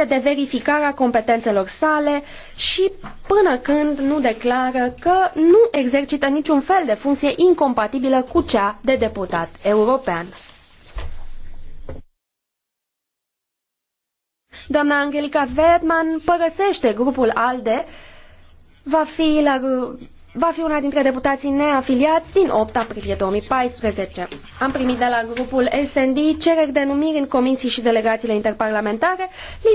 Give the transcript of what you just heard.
înainte de verificarea competențelor sale și până când nu declară că nu exercită niciun fel de funcție incompatibilă cu cea de deputat european. Doamna Angelica Verdman părăsește grupul ALDE, va fi, la, va fi una dintre deputații neafiliați din 8 aprilie 2014. Am primit de la grupul SND cereri de numiri în comisii și delegațiile interparlamentare,